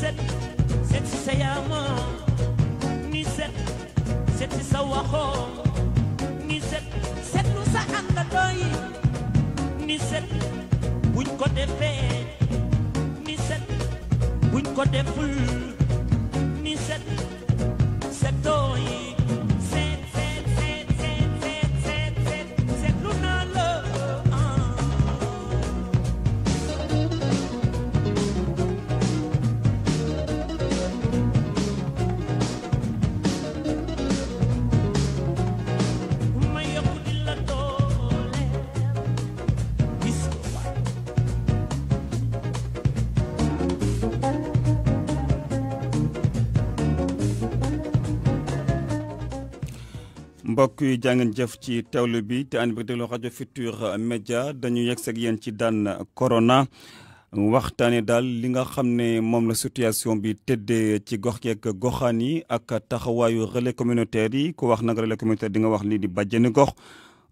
set set si sa yaram ni set set si sa waxoo ni set setlu sa àndandoo yi ni set buñ ko defee ni set buñ ko deful ni set setoo yi mbokk yi jàngeen jëf ci teewlu bi te ànd bi déglu rajo Futurs Médias dañu yegg ak yéen ci daan waxtaan waxtaane daal li nga xam ne moom la situation bi tëddee ci gox keeg goxaan yi ak taxawaayu relais communautaire yi ko wax nag relais communautaire di nga wax nii di bàjjeni gox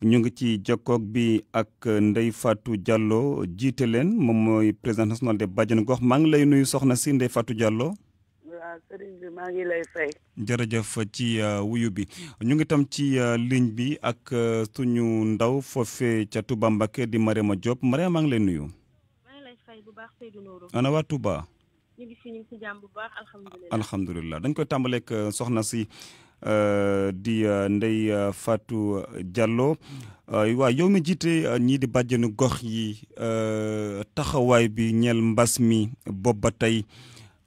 ñu ngi ci jokkoog bi ak ndey faatu Diallo jiite leen moom mooy présidente nationale des bàjjeni gox maa ngi lay nuyu soxna si Ndeye Fatou Diallo. maa ngi jërëjëf ci euh, wuyu bi ñu ngi tam ci euh, ligne bi ak euh, suñu ndaw foofee ca Touba Mbacké di Mariama Diop Mariama maa ngi lay nuyu. maa ngi lay fay ana waa Touba. ñu ngi alhamdulilah. dañ koy tàmbaleeg soxna si di Ndey faatu Diallo waaw yow mi jiite ñii di bàjjenu gox yi taxawaay bi ñeel mbas mi boobu ba tey.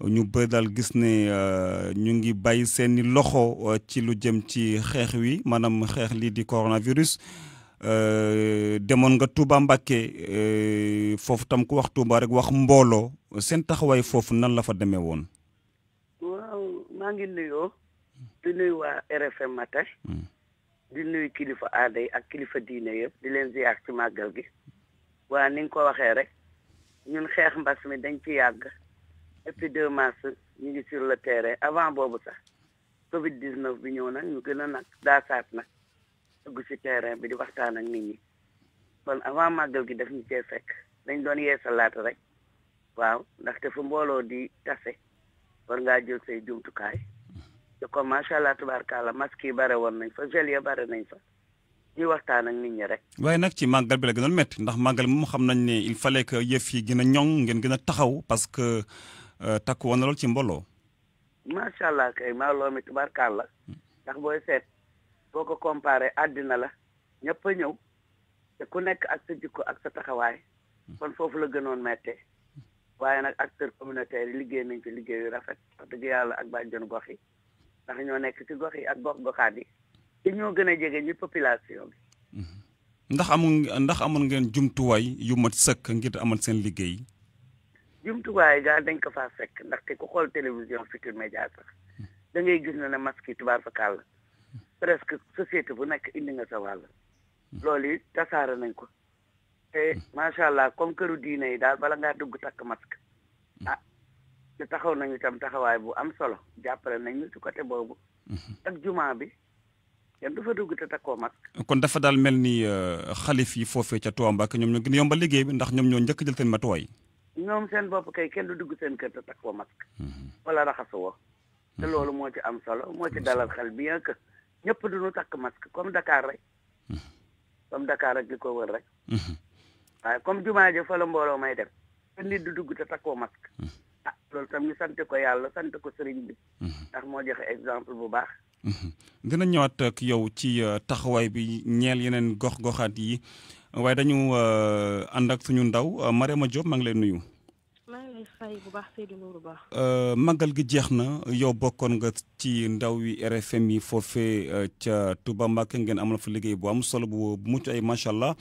ñu bëri dal gis ne euh, ñu ngi bàyyi seeni loxo euh, ci lu jëm ci xeex wi maanaam xeex lii di coronavirus euh, demoon nga Touba Mbacké foofu tam ku wax Touba rek wax mbooloo seen taxawaay foofu nan la fa demee woon. waaw maa ngi nuyoo. di nuyu waa RFM Matin. Hmm. di nuyu kilifa aada yi ak kilifa diine yëpp di leen ziar ci màggal gi. waa ni nga ko waxee rek ñun xeex mbas mi dañ ci yàgg. depuis 2 mars ñu ngi sur le terrain avant boobu sax Covid 19 bi ñëw nag ñu gën a nag daasaat nag dugg si terrain bi di waxtaan ak nit ñi kon avant màggal gi daf ñu cee fekk dañ doon sa laat rek waaw ndaxte fu mbooloo di tase war ngaa jël say jumtukaay te comme macha allah tubaarkaala masque yi bare woon nañ fa gel ya bare nañ fa. ñuy waxtaan ak nit ñi rek. waaye nag ci màggal bi la gënoon métti ndax màggal moom xam nañ ne il fallait que yëf yi gën a ngeen gën a taxaw parce Euh, takk woon na lool ci mbooloo. macha allah kay mbooloo mi la ndax booy seet boo ko comparé àddina la ñëpp ñëw te ku nekk ak sa jikko ak sa taxawaay kon foofu la gënoon mette waaye nag acteur communautaire yi liggéey nañ ci liggéey rafet dëgg yàlla ak bàjjenu gox yi ndax ñoo nekk ci gox yi ak gox goxaat yi te ñoo gën a jege ñi population bi. ndax amul ndax amoon ngeen jumtuwaay yu mat sëkk ngir amal seen liggéey. jumtuwaay daal dañ ko fa fekk ndaxte ku xool télévision Futurs Médias sax da ngay gis ne ne masque yi tubaar fa kàll presque société bu nekk indi nga sa wàll loolu tasaare nañ ko te macha allah comme këru diine yi daal bala ngaa dugg takk masque ah te taxaw nañu itam taxawaay bu am solo jàppale nañ ci côté boobu ak jumaa bi kenn du fa dugg te takkoo masque kon dafa daal mel ni euh, xalif yi foofee ca Touba Mbacké ñoom ñoo gën a yombal liggéey bi ndax ñoom ñoo njëkk jël seen matuwaay ñoom seen bopp kay kenn du dugg seen kër te takk ko masque mhm. wala raxasuwoo te mhm. loolu moo ci am solo moo ci mhm. dalal xel bien que du duñu takk masque comme Dakar rek comme Dakar rek li ko wër rek waaye comme jumaa ji fa la mbooloo may dem te nit du dugg te takkoo masque ah loolu tam ñu sant ko yàlla sant ko sëriñ bi ndax moo joxe exemple bu baax dina ñëwaat ak yow ci euh, taxawaay bi ñeel yeneen gox-goxaat yi waaye dañu euh, ànd ak suñu ndaw euh, Mariama Diop maa ngi nuyu. maa ngi euh, gi jeex na yow bokkoon nga ci ndaw yi RFM yi foofee ca Touba Mbacké ngeen amal fa liggéey bu am solo bu mucc ay macha allah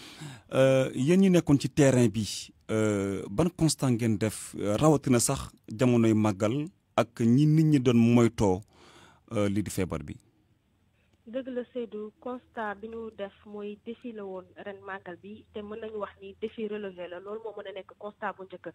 yéen ñi nekkoon ci terrain bi ban constant ngeen def rawatina sax jamonoy màggal ak ñi nit ñi doon moytoo lii feebar bi. dëgg la Seydou constat bi ñu def mooy défi la woon ren màggal bi te mën nañu wax ni défi relevé la loolu moo mën a nekk constat bu njëkk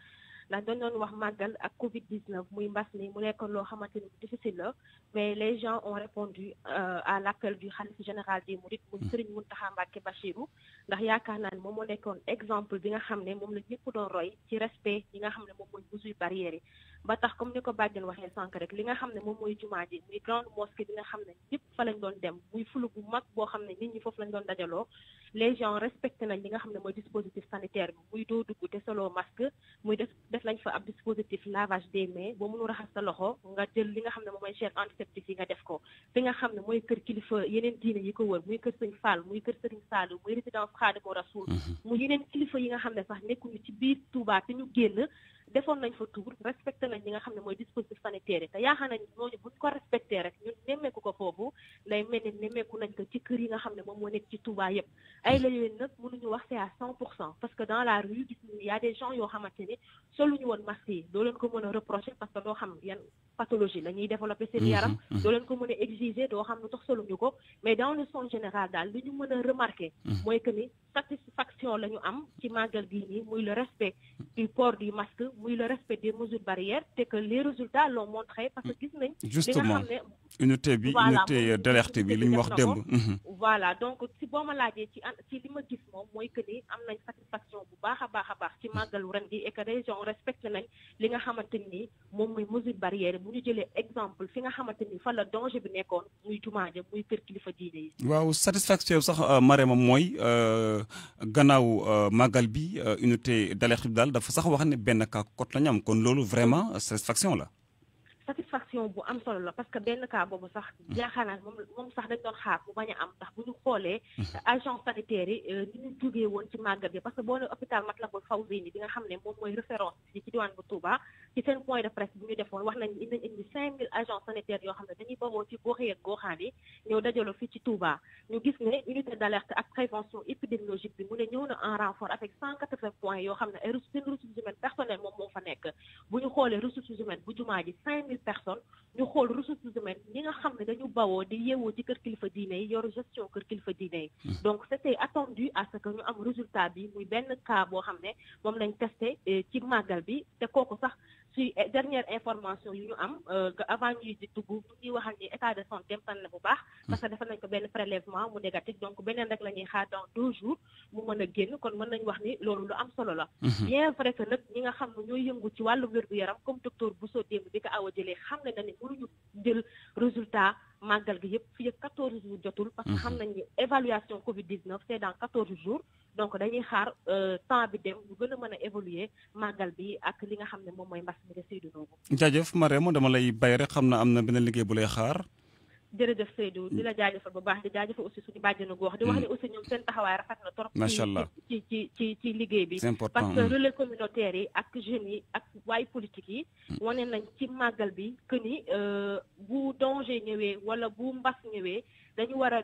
ndax dañ doon wax màggal ak Covid 19 muy mbas ni mu nekk loo xamante ni difficile la mais les gens ont répondu euh, à l' appel du xalif général des Mourides muy Serigne Mountakha Mbacké Bachirou ndax yaakaar naa ne moom moo nekkoon exemple bi nga xam ne moom la ñëpp doon roy ci respect yi nga xam ne moom mooy mesures barrières yi ba tax comme ni ko bàjjen waxee sànq rek li nga xam ne moom mooy jumaa ji muy grande mosquée bi nga xam ne ñëpp fa lañ doon dem muy fulu bu mag boo xam ne nit ñi foofu lañ doon dajaloo les gens respecté nañ ni nga xam ne mooy dispositif sanitaire bi muy doo dugg te solo masque muy def def lañ fa ab dispositif lavage des mains boo mënu raxas sa loxo nga jël li nga xam ne moom mooy gel antiseptique nga def ko fi nga xam ne mooy kër kilifa yeneen diine yi ko wër muy kër sëñ Fall muy kër sëriñ Sall muy résidence Khadimou Rassoul mhm. mu yeneen kilifa yi nga xam ne sax nekkuñu ci biir Touba te ñu génn defoon nañ fa tuur respecté nañ li nga xam ne mooy dispositif sanitaire te yaakaar nañ ñooñu ko respecté rek ñun nemmeeku ko foofu lay mel ne nemmeeku nañ ko ci kër yi nga xam ne moom moo nekk ci Touba yëpp ay la yooyu nag mënuñu wax c'est à cent pour cent parce que dans la rue gis nañu y a des gens yoo xamante ni soluñu woon masque yi doo leen ko mën a reprocher parce que doo xam yan pathologie la ñuy développer seen mhm, yaram mhm. doo leen ko mën a exiger doo xam lu tax soluñu ko mais dans le sens général daal li ñu mën a remarquer mhm. mooy que ni satisfaction la ñu am ci màggal gii nii muy le respect du port du masque muy le respect des mesures barrières te que les résultats l'ont montré parce que gis nañ li nga xam ne unité bi unité euh, d'alerte bi liñ wax démb. Mhm. voilà donc ci boma ma ci ci lima ma gis moom mooy que ni am nañ satisfaction bu baax a baax ci magal ren gi et que région respecté nañ li nga xamanteni mom moy muy mesure barrière bu ñu jëlé exemple fi nga xamanteni fa la danger bi nekkoon muy jumaaje muy kër kilifa diine yi. waaw satisfaction sax euh, maré mom moy euh gannaaw euh, magal bi unité d'alerte bi daal dafa sax wax ne ben cas code la ñu am kon lolu vraiment satisfaction la. satisfaction. information bu am solo la parce que benn cas boobu sax yaakaar moom sax dañ doon xaar mu bañ a am ndax bu xoolee agent sanitaire yi euh, ni ñu jógee woon ci màggal bi parce que boo ne hôpital Matlaboul Fawzeyni bi nga xam ne moom mooy référence ci diwaan bu Touba ci seen point de presse bi defoon wax nañ dinañ cinq mille agents sanitaires yoo xam ne dañuy bawoo ci gox yeeg goxaan yi ñëw dajaloo fii ci Touba ñu gis ne unité d'alerte ak prévention épidémiologique xoolee ressources humaines bu jumaa ji cinq mille personnes ñu xool ressources humaines ñi nga xam ne dañu bawoo di yeewoo ci kër kilifa diine yi yor gestion kër kilifa diine yi hmm. donc c'était attendu à ce que ñu am résultat bi muy benn cas boo xam ne moom lañ testé euh, ci màggal bi te kooku sax ci euh, dernière information yu ñu am euh, avant ñuy di dugg ñu ngi waxal ni état de santé tànn na bu baax hmm. parce que defal nañ ko benn prélèvement mu négatif donc beneen rek la ñuy xaar dans mu mën a génn kon mën nañ wax ni loolu lu am solo la mhm. bien vrai que nag ñi nga xam ne ñooy yëngu ci wàllu wér-gu-yaram comme bu Bousso démb bi ko a jëlee xam ne na ne mënuñu jël résultat màggal gi yëpp fii ak 14 jours jotul parce que mhm. xam nañ ni évaluation Covid 19 c'est dans 14 jours donc dañuy xaar euh, temps bi dem ñu gën a mën a évoluer màggal bi ak li nga xam ne moom mooy mbas mi nga Seydou Nogo jaajëf Marème dama lay bay rek xam na am na benn liggéey bu lay xaar jërëjëf Seydou di la mm. jaajëfal ba baax di jaajëfal aussi suñu bàjjenu gox di wax mm. ne aussi ñoom seen taxawaay rafet na trop macha allah ci ci ci ci liggéey bi parce que relais communautaire yi ak jeunes yi ak waaye politique yi mm. wane nañ ci màggal bi que ni euh, bu danger ñëwee wala bu mbas ñëwee dañu war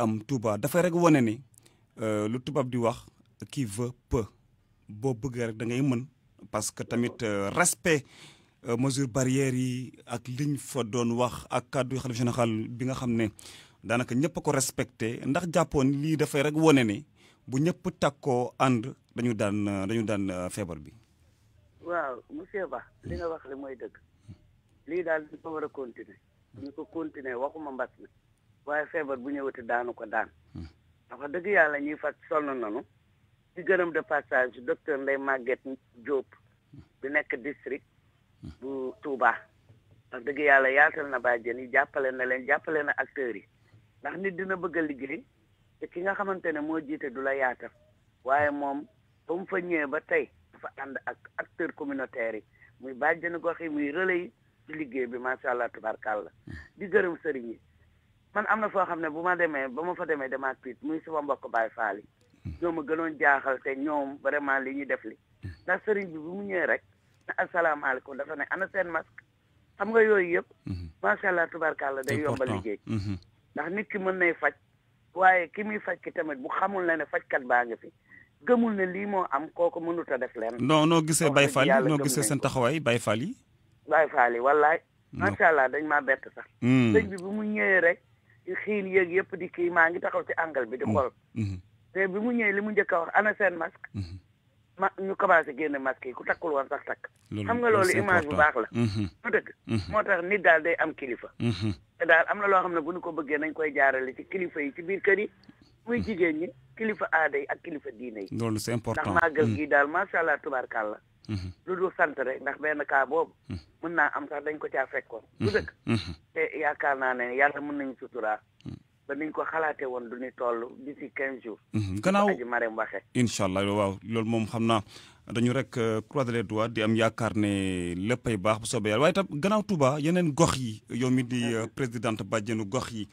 am Touba dafay rek woné ni euh lu tubab di wax qui veut peut bo bëgg rek da ngay mën parce que tamit euh, respect euh, mesure barrière yi ak liñ fa doon wax ak cadre xalif général bi nga xamné danaka daanaka ñëpp ko respecté ndax japon li da fay rek woné ni bu ñëpp takko and dañu daan euh, dañu daan fever bi. waaw monsieur Ba li nga wax li moy dëgg li daal di ko wara continuer. ñu ko continuer waxuma mbass waaye feebar bu ñëwati daanu ko daan hmm. ndax wax dëgg yàlla ñuy faj sonn noonu di gërëm de passage docteur Ndeye Maguette Diop bi nekk district hmm. bu Touba dëgg yàlla yaatal na bàjjen yi jàppale na leen jàppale na acteurs yi ndax nit dina bëgg liggéey te ki nga xamante ne moo jiite du la yaatal waaye moom ba mu fa ñëwee ba tey dafa ànd ak acteurs communautaires yi muy bàjjenu gox yi muy relais yi ci liggéey bi macha allah tubarkàlla hmm. di gërëm sëriñ yi man am na foo xam ne bu ma demee ba ma fa demee damaa tiit muy sama mbokk Baay Faal yi ñoom a gënoon jaaxal te ñoom vraiment li ñuy def li ndax sëriñ bi bu mu ñëwee rek na asalaamaaleykum dafa ne ana seen masque xam nga yooyu yëpp mhm. macha allah tubarkàlla day yomba liggéey mhm. ndax nit ki mën nay faj waaye ki muy faj ki tamit bu xamul ne ne fajkat baa ngi fi gëmul ne lii moo am kooku mënut a def leen non noo gisee Baay Faal yi noo gisee seen taxawaay Baay yi Baay Faal yi wallaay macha dañ maa bett sax hmm. sëñ mu ñëwee rek xiin yéeg yëpp di kii maa ngi taxaw ci angle bi di mm-hmm. xool mm-hmm. te bi mu ñëwee li mu njëkk a wax ana seen masque mm-hmm. ma ñu commencé génn masque yi ku takkul woon sax takk xam nga loolu image bu baax la du dëgg moo tax nit daal day am kilifa te daal am na loo xam ne bu ñu ko bëggee nañ koy jaarale ci kilifa yi ci biir kër yi muy jigéen ñi kilifa aada yi ak kilifa diine yi loolu c'est important ndax màggal gii daal macha allah tubaarkàlla lu dul sant rek ndax benn cas boobu mën naa am sax dañ ko caa fekkoon. Mm-hmm. du dëkk. Mm-hmm. te yaakaar naa ne yàlla mën nañu suturaa. Mm-hmm. ba niñ ko xalaatee woon du ñu toll d'ici quinze jours. gannaaw aji allah waaw loolu moom xam naa dañu rek euh, croiser les doigts di am yaakaar ne léppay baax bu soobee yàlla waaye tam gannaaw Touba yeneen gox yi yow mi di euh, présidente bàjjenu gox yi.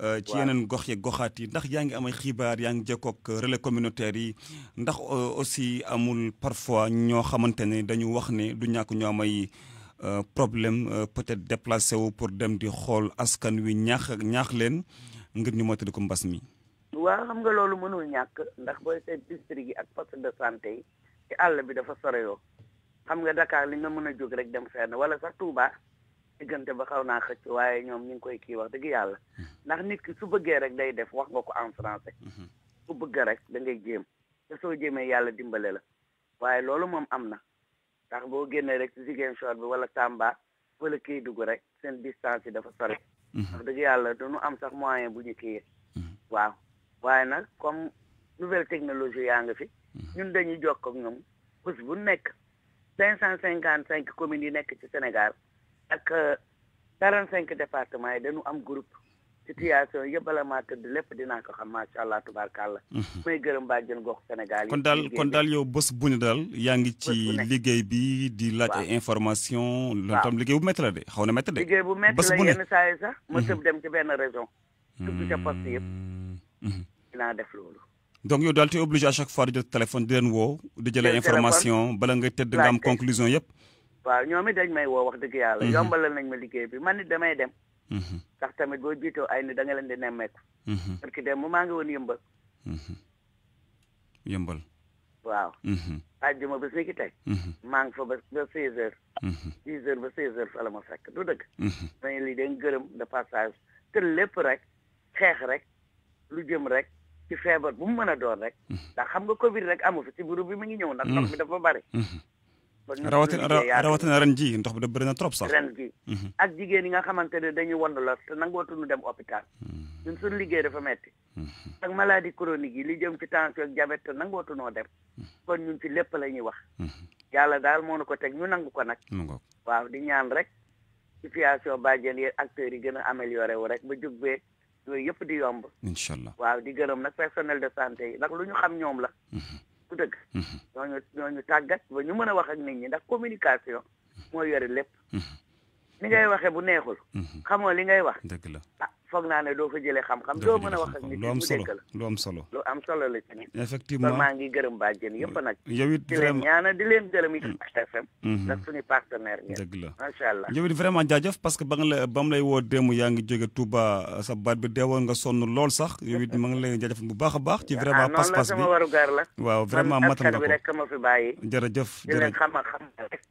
Euh, ci yeneen gox yi goxaat yi ndax yaa ngi amay xibaar yaa ngi jekkook relais communautaire yi ndax aussi amul parfois ñoo xamante ne dañu wax ne du ñàkk ñoo amay. Euh, problème euh, peut-être déplacé wu pour dem di xool askan wi ñaax ak ñaax leen ngir ñu moytali ko mbas mi. waaw xam nga loolu mënul ñàkk ndax booy seet district yi ak poste de santé yi ci àll bi dafa soreyoo xam nga dakaar li nga mën a jóg rek dem fenn wala sax Touba diggante ba xaw naa xëcc waaye ñoom ñu koy kii wax dëgg yàlla ndax nit ki su bëggee rek day def wax nga ko en français su mhm. bëgg rek da ngay jéem te soo jéemee yàlla dimbale la waaye loolu moom ndax boo génnee rek si Ziguinchor bi wala Tamba wala kii dugg rek seen distance yi dafa sori. Mhm. wax dëgg yàlla du ñu am sax moyen bu ñu kii mhm. waaw waaye nag comme nouvelle technologie yaa nga fi. Mhm. ñun dañuy jokk ak ñoom bés bu nekk cinq cent cinquante cinq communes yi nekk ci Sénégal ak euh, quarante cinq départements yi dañu am groupe. situation yëpp bala maa tëdd lépp dinaa ko xam macha allah tubaarkàlla. Mhm. may gërëm bàjjen gox Sénégal yi. kon daal kon daal yow bés bu ne daal. yaa ngi ci liggéey bi di laaj ay information loolu tam liggéey bu métti la de xaw na métti de. liggéey bu métti la yenn saa yi sax. ma mhm. tëb dem ci benn région. tudd ca poste yëpp. Mhm. dinaa def loolu. donc yow daal te obligé à chaque fois di jot téléphone di leen woo. di jëlee information bala nga tëdd nga am conclusion yëpp. waaw ñoom it dañ may woo wax dëgg yàlla. yombalal nañ ma liggéey bi man it damay dem. sax mm-hmm. tamit boo jiitoo ay ni da nga leen di nemmeeku. Mm-hmm. parce que dem mu maa ngi woon yëmbal. Mm-hmm. yëmbal. waaw. àjjuma ba si ki tey. maa ngi fa ba ba seize heures. dix heures ba seize heures fa la ma fekk du dëgg. dañu lii dañ gërëm de passage te lépp rek xeex rek lu jëm rek ci feebar bu mu mën a doon rek. ndax xam nga Covid rek amu fi ci buru bi mu ngi ñëw. ndax ndox mi dafa bari. rawatina rawatina ren ji ndox bi da bëri na trop sax ren ji mm-hmm. ak jigéen yi nga xamante ne dañuy wand la te nangootuñu dem opital mm-hmm. ñun suñu liggéey dafa metti mm-hmm. ak maladie chronique yi li jëm ci tension ak diabète te nangootunoo dem kon ñun ci lépp la ñuy wax yàlla daal moo nu ko teg ñu nangu ko nag waaw di ñaan rek situation bàjjen yi acteurs yi gën a amélioré rek ba jóg bee yooyu yëpp di yomb incha waaw di gërëm nag personnel de santé yi ndax lu ñu xam ñoom la du dëgg mm-hmm. ñooñu ñooñu tàggat ba ñu mën a wax ak nit ñi ndax communication mm-hmm. moo yore lépp ni ngay waxee bu neexul. Mhm. xamoo li ngay wax. dëgg la ah foog naa ne doo fa jëlee xam-xam. doo mën a wax ak nit lu am solo lu am solo. lu am solo la ci ne. effectivement kon maa ngi gërëm yëpp nag. yow it vraiment di leen ñaanal di leen gërëm mhm. la macha allah yow it vraiment jaajëf parce que ba nga la ba mu lay woo démb yaa ngi jóge Touba sa baat bi woon nga sonn lool sax yow it ma ngi lay jaajëf bu baax a baax. ci vraiment ah, pas-pas bi noonu la sama warugar la. waaw vraiment matal nga ko man askan bi rek ma fi bàyyi. jërëjëf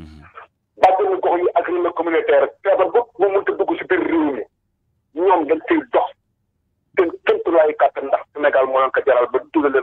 Mm-hmm. bàjjenu gox yi ak rime communautaire feebar bu mu mënta dugg si biir réew mi ñoom dañ ciy dox seen kéemtulaay kàttan ndax Sénégal moo leen ko jaral ba dugal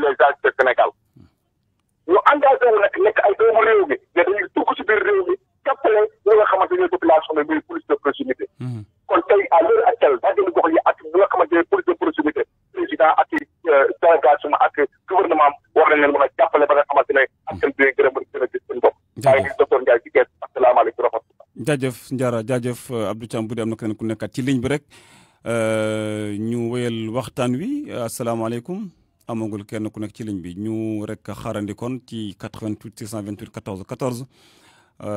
les âges de Sénégal ñu engagé wu nag nekk ay doomu réew mi ne dañuy dugg ci biir réew mi jàppale ñi nga xamante ne population bi muy police de proximité. Mhm. kon tey à l'heure actuelle daa gën gox yi ak ñi nga xamante ne police de proximité président ak euh, délégation ak gouvernement war nañ leen mën a jàppale ba nga xamante ne askan bi gën a mën gën a gis am na keneen ku ci ligne bi rek euh, ñu wéyal waxtaan wi asalaamaaleykum. amagul kenn ku nekk ci ligne bi ñu rek xaarandi kon ci 88 628 14 14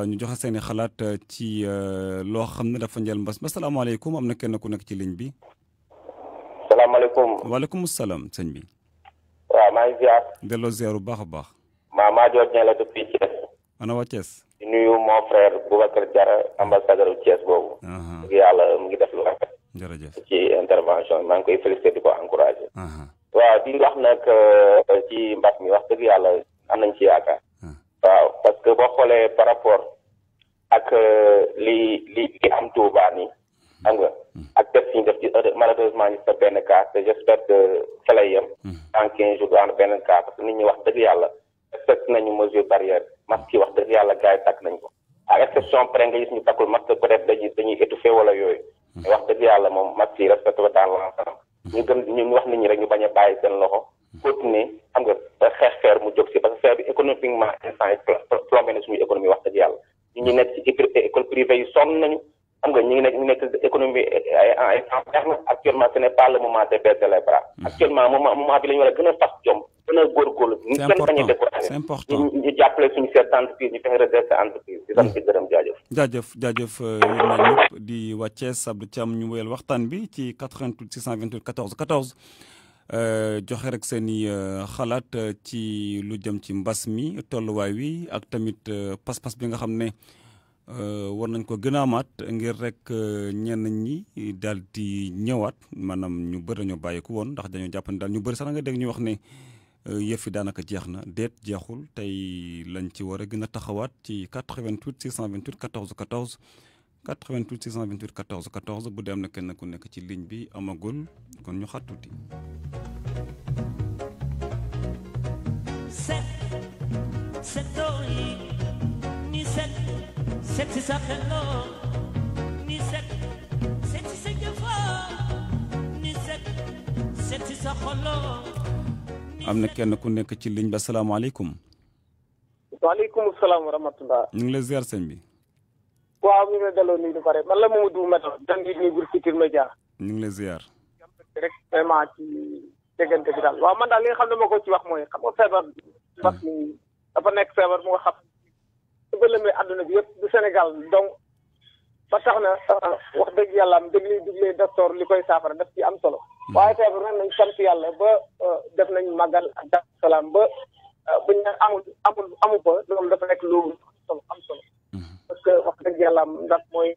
ñu jox seen i xalaat euh, ci euh, loo xam ne dafa njël mbas ma salaamaaleykum am na kenn ku nekk ci ligne bi. salaamaaleykum. waaleykum salaam sëñ bi. waaw maa ngi ziar. delloo ziar bu baax a baax. maa maa jot ñëw la depuis Thiès. ana waa Thiès. di nuyu mon frère Boubacar Diarra ambassadeur Thiès boobu. mu ngi yàlla mu ngi def lu rafet. ci intervention maa ngi koy félicité di ko encouragé. waaw di nga wax nag euh, ci mbas mi wax dëgg yàlla am nañ ci yaakaar. Hmm. waaw parce que boo xoolee par rapport ak euh, li li li am Touba nii xam nga hmm. ak def si ñu def ci malheureusement ñu def benn cas te j'espère que fa lay yem. en hmm. quinze jours daan benn cas parce que nit ñi wax dëgg yàlla respecté nañu mesure barrière masque yi wax dëgg yàlla gars yi nañ ko à exception près nga gis ñu takkul masque peut-être dañuy dañuy étouffé wala yooyu. wax dëgg yàlla moom masque yi respecté ba dans ñu gën ñu wax nit ñi rek ñu bañ a bàyyi seen loxo continuer xam nga ba xeex feer mu jóg si parce que feer bi économiquement instant yi plombé na suñu économie wax dëgg yàlla ñu ñu nekk ci école privée yi sonn nañu xam nga ñi ngi nekk nekk économie ay en actuellement ce n' est pas le moment de baisser les bras mm-hmm. actuellement moment moment bi la ñu war a gën a fas jom gën a góorgóorlu ñu gën bañ a découragé ñu ñu jàppale suñu chef d' entreprise ñu fexe redresse entreprise di sant di gërëm jaajëf jaajëf jaajëf euh, yéen naa ñëpp di wàccee sabdu cam ñu wéyal waxtaan bi ci 88 628 14 14 joxe rek seen i euh, xalaat euh, ci lu jëm ci mbas mi tolluwaay wi ak tamit pas-pas bi nga xam ne Euh, war nañ ko gën a amaat ngir rek euh, ñenn ñi daal di ñëwaat maanaam ñu bëri dañoo bàyyiku woon ndax dañoo jàpp ne daal ñu bëri sax nga dégg ñu wax ne euh, yëf yi daanaka jeex na déet jeexul tey lañ ci war a gën a taxawaat ci 88 628 14 14 88 628 14 14 bu dee am na kenn ku nekk ci ligne bi amagul kon ñu xaat tuuti. set setoo oh, yi ñu set. seet sa xel am na kenn ku nekk ci ligne bi asalaamaaleykum. waaleykum salaam wa rahmatulah. ñu ngi lay ziar sëñ bi. waaw ñu ngi lay nii du pare man la Mamadou Mata. daan di nuyu groupe Futurs Médias. ñu ngi lay ziar. rek vraiment bi daal waaw man daal li nga xam ne ma ko ci wax mooy xam nga feebar. wax hmm. nekk feebar mu nga xam. su ko lëmee àdduna bi yëpp du Sénégal donc ba tax na euh, wax dëgg yàlla am dégg dëgg diglee docteur li koy saafara def ci am solo hmm. waaye feebar nag nañ sant yàlla ba euh, def nañ màggal ak daf salaam ba euh, buñ ne amul amul amu fa loolu dafa nekk lu solo am solo hmm. parce que wax dëgg yàlla am ndax mooy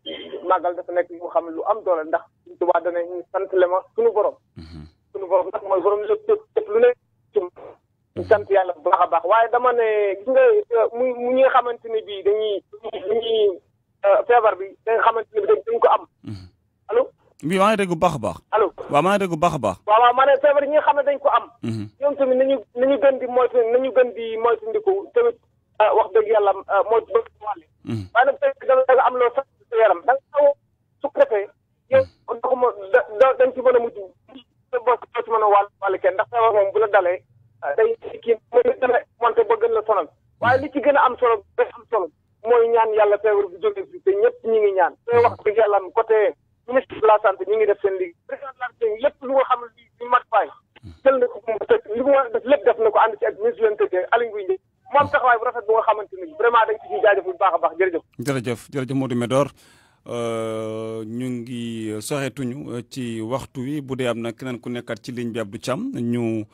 màggal dafa nekk lu xam lu am doole ndax suñ tubaa danañ sant le ma suñu borom hmm. suñu ndax mooy borom lépp lépp lu nekk di sant yàlla bu baax a baax waaye dama ne mu ñi nga xamante ne bii dañuy dañuy euh, feebar bi da nga xamante ne bii dañ ko am. Mhm. allo. oui maa ngi dégg bu baax a baax. maa ngi dégg bu baax a baax. waaw waaw ne feebar yi nga xam ne dañ ko am. Mhm. ñoom tamit nañu nañu gën di moytu nañu gën di moytandiku tamit euh, wax dëgg yàlla euh, moytu bëgg wàll. waaye nag tey da nga am loo sax da nga su ko defee yow mhm. da da ci mën a mucc bokk doo ci a wàll kenn ndax feebar moom bu la dalee. Ah, day kii mën na monté ba gën la sonal waaye li ci gën a am solo day am solo mooy ñaan yàlla feebar bu jógee fi te ñëpp ñi ngi ñaan te wax dëgg yàlla côté ministre ngi def seen liggéey président de lépp lu nga xam ne li mat faay jël na lépp def na ko ànd ci ak ministre leen tëddee Aliou Ngouye Ndiaye bu rafet bu nga xamante ni vraiment dañ ci ciy jaajëf bu baax a baax jërëjëf jërëjëf jërëjëf Modou Medor euh, ñu ngi soxeetuñu ci waxtu wi bu dee am na keneen ku nekkaat ci ligne bi Abdou Thiam ñu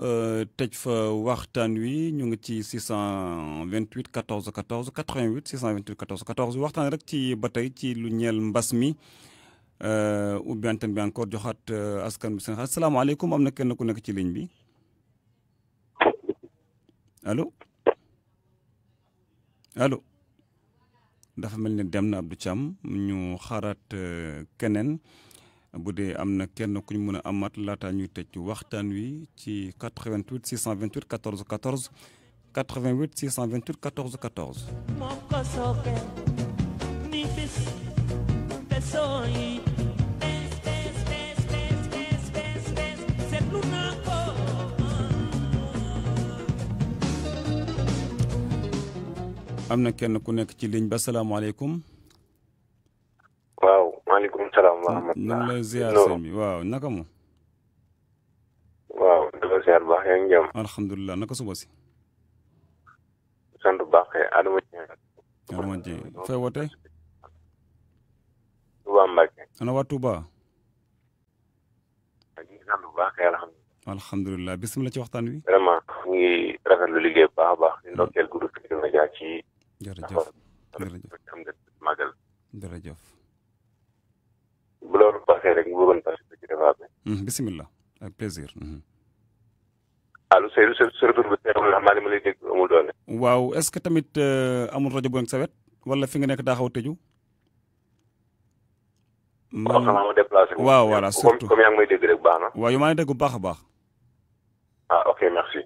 Euh, tëj fa waxtaan wi ñu ngi ci 628 14 14 88 628 14 14 waxtaan rek ci ba tey ci lu ñel mbas mi euh, ubbi antenne bi encore joxaat euh, askan bi seen xel salaamaaleykum am na kenn ku nekk ci ligne bi allo dafa mel ni dem na Abdou Thiam ñu xaaraat keneen. bu dee am na kenn ku ñu mën a amaat laata ñuy tëj waxtaan wi ci 88 628 14 14 88 628 14 14. am na kenn ku nekk ci ligne bi asalaamaaleykum. ñu ngi lay ziar bi waaw naka mu. waaw dafa naka suba si. sant bu baax kay Adama Dieng. Adama Dieng fay woote. Touba Mbacke. ana waa Touba. baax kay alhamdulilah. alhamdulilah bisimilah ci waxtaan wi. vraiment ñu ngi rafetlu liggéey bu baax a baax. loolu passé rek nga bëggoon passé ci débat bi. Hmm, bisimilah ak eh, plaisir. allo Seydou Seydou sa retour bi teewul xam naa ni ma lay dégg amul doole. waaw est ce que tamit eh, amul rajo bu sa wet wala fi nga nekk daa a tëju. xanaa hmm. ma déplacé. waaw voilà surtout comme yaa ngi may dégg rek baax na. waaw yu dégg bu baax a baax. ah, ah ok merci.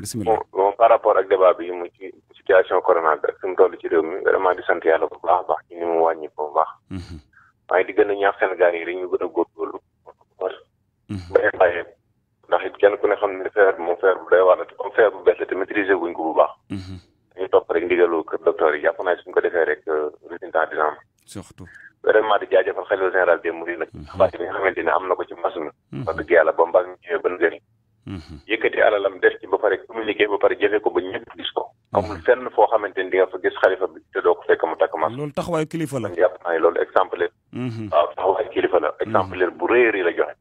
bisimilah bon bon par rapport ak débat bi mu ci situation corona bi ak fi mu toll ci réew mi vraiment di sant yàlla maa ngi di gën a ñaax Sénégal yi rek ñu gën a góorgóorlu mhm. ba épargne ndax it kenn ku ne xam ne feebar bi bu doy waar la te comme feebar bu bees la te maîtriser wuñ ko bu baax mhm. dañu topp rek ndigalu kër docteur yi jàpp naa suñ ko defee rek euh, résultat dina am surtout vraiment di jaajëfal xelal général des Mourides nag mhm. xabaar yi nga xamante ne am na ko ci mbas mi wax dëgg mi ñëwee ba yëkkati alalam def ci ba pare communiqué ba pare jëfe ko ba ñëpp gis ko. amul mhm. fenn foo xamante ni di nga fa gis xalifa bi te doo ko fekk mu takk mas. loolu taxawaayu kilifa la. yàpp naa ne loolu exemple la. Mhm. waaw taxawaayu kilifa la. Mhm. exemple bu rëy a rëy la joxe.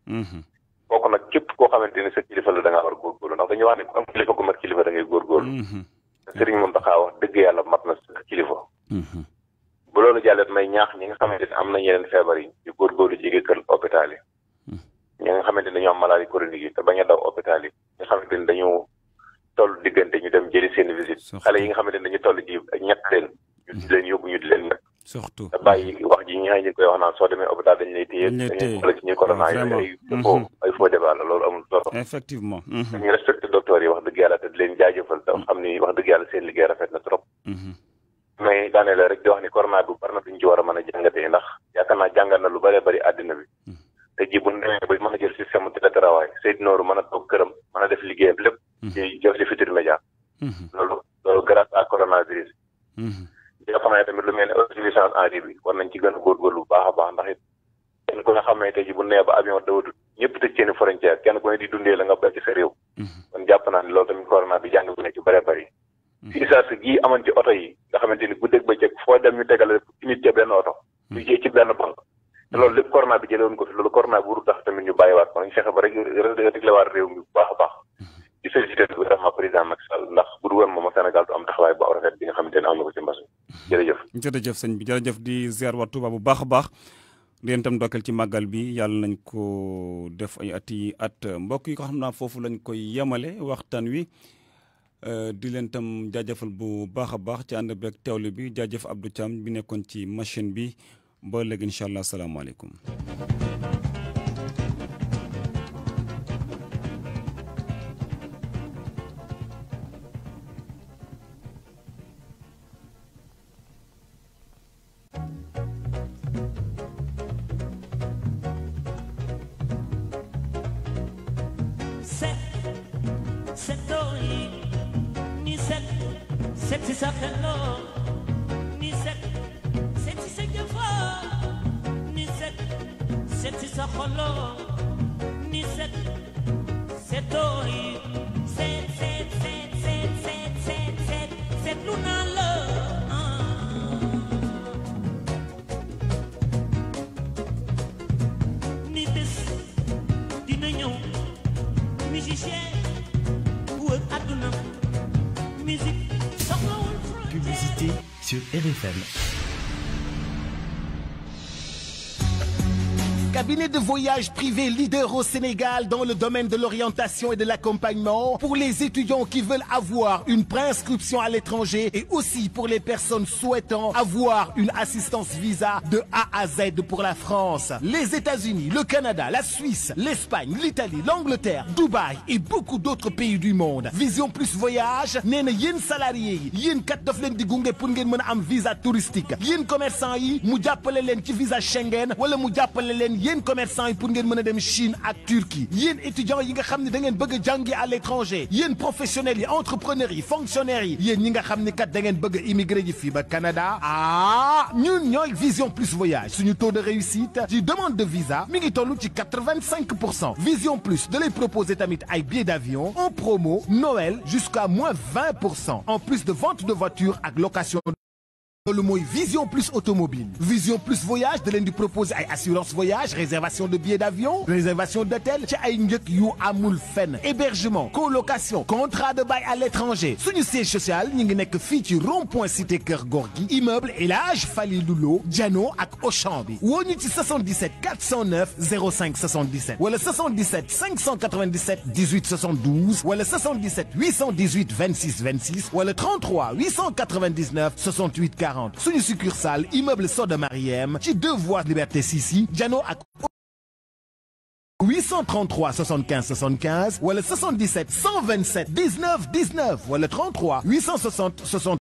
kooku nag képp koo xamante ni sa kilifa la da war a góorgóorlu ndax dañuy wax ne ku am kilifa ku mat kilifa da ngay góorgóorlu. Sëriñ wax dëgg yàlla mat na sa kilifa. bu loolu jàllet may ñaax ñi nga xamante ni dañoo am maladie chronique yi te bañ a daw hôpital yi nga xamante ni dañu toll diggante ñu dem jëli seen visite xale yi nga xamante ni dañu toll ji ñett leen ñu leen yóbbu ñu di leen nag surtout te bàyyi wax ji ñi nga koy wax naan soo demee hôpital dañu lay téye dañu la ci ñuy corona yi ay faux mhm. ay la loolu amul solo effectivement mhm. ñu respecté docteur yi wax dëgg yàlla te di leen jaajëfal te mhm. xam ni wax dëgg yàlla seen liggéey rafet na trop mais daanee rek di wax ni corona bi bar na duñ ci war a mën a jàngatee ndax yaakaar naa jàngal na lu bare bëri àddina bi te ji bu demee ba mëna jël système mu dina travail seyd nooru mëna tok kërëm mëna def liggéeyam lépp. ci jëf ci futur média. loolu loolu grâce à coronavirus. di nga xam ne tamit lu mel ne autosuffisance en riz war nañ ci gën a góorgóorlu bu baax a baax ndax it kenn ku nga xam ne tey ji bu nee ba avion dawatul ñëpp tëj seeni frontière kenn ku ne di dundee la nga bëgg ci sa réew. kon jàpp naa ne loolu tamit corona bi jàng bu ne ci bëree bëri. si isaas gii amoon ci oto yi nga xamante mhm. ni ba bëccëg foo dem ñu tegal nit ca benn oto. ñu jël ci benn banque te loolu lépp corona bi jëlee woon ko fi loolu corona bi wuru tax tamit ñu bàyyiwaat ko nañu fexe baax a baax di félicité vraiment président Macky Sall ndax moom Sénégal am taxawaay bi nga xamante ne am na ko ci mbas mi jërëjëf jërëjëf sëñ bi jërëjëf di ziar waa Touba bu baax a baax leen tam dokkal ci màggal bi yàlla nañ ko def ay at yi at mbokk yi ko xam naa foofu lañ koy yemale waxtaan wi euh, di leen tam jaajëfal bu baax a baax ci ànd beeg teewlu bi jaajëf Abdou Thiam bi nekkoon ci machine bi ba ëllëg incha allah asalaamaaleykum set set, up and low. C'est ni musique ah. e publicité sur RFM Cabinet de voyage privé leader au Sénégal dans le domaine de l'orientation et de l'accompagnement pour les étudiants qui veulent avoir une préinscription à l'étranger et aussi pour les personnes souhaitant avoir une assistance visa de A à Z pour la France, les États-Unis, le Canada, la Suisse, l'Espagne, l'Italie, l'Angleterre, Dubaï et beaucoup d'autres pays du monde. Vision Plus Voyage nee salarié, kat di pour am visa touristique commerçant yi mu visa Schengen wala mu un commerçant yi pour ngeen mën a dem Chine ak Turquie yéen étudiants yi nga xam ne da ngeen bëgg a à l'étranger Y professionnels yi entrepreneurs yi fonctionnaires yi yéen ñi nga xam ne kat da ngeen bëgg a ji ba Canada ah ñun ñooy Vision Plus Voyage suñu taux de réussite ci demande de visa mi ngi toll ci 85 Vision Plus de les proposer tamit ay billets d'avion en promo Noël jusqu'à moins 20 en plus de vente de voitures ak location le mot vision plus automobile vision plus voyage de l'un du à assurance voyage réservation de billets d'avion réservation d'hôtel ci ay yu amul hébergement colocation contrat de bail à l'étranger suñu siège social n'y a nekk rond-point cité cœur immeuble et l'âge Fali Loulo, Djano ak Ou 77 409 05 77 Ou le 77 597 18 72 Ou le 77 818 26 26 Ou le 33 899 68 40 sous une succursale immeuble Sode Mariem ci deux voies Liberté Sissi, jano à 833 75 75 ou le 77 127 19 19 ou le 33 860 60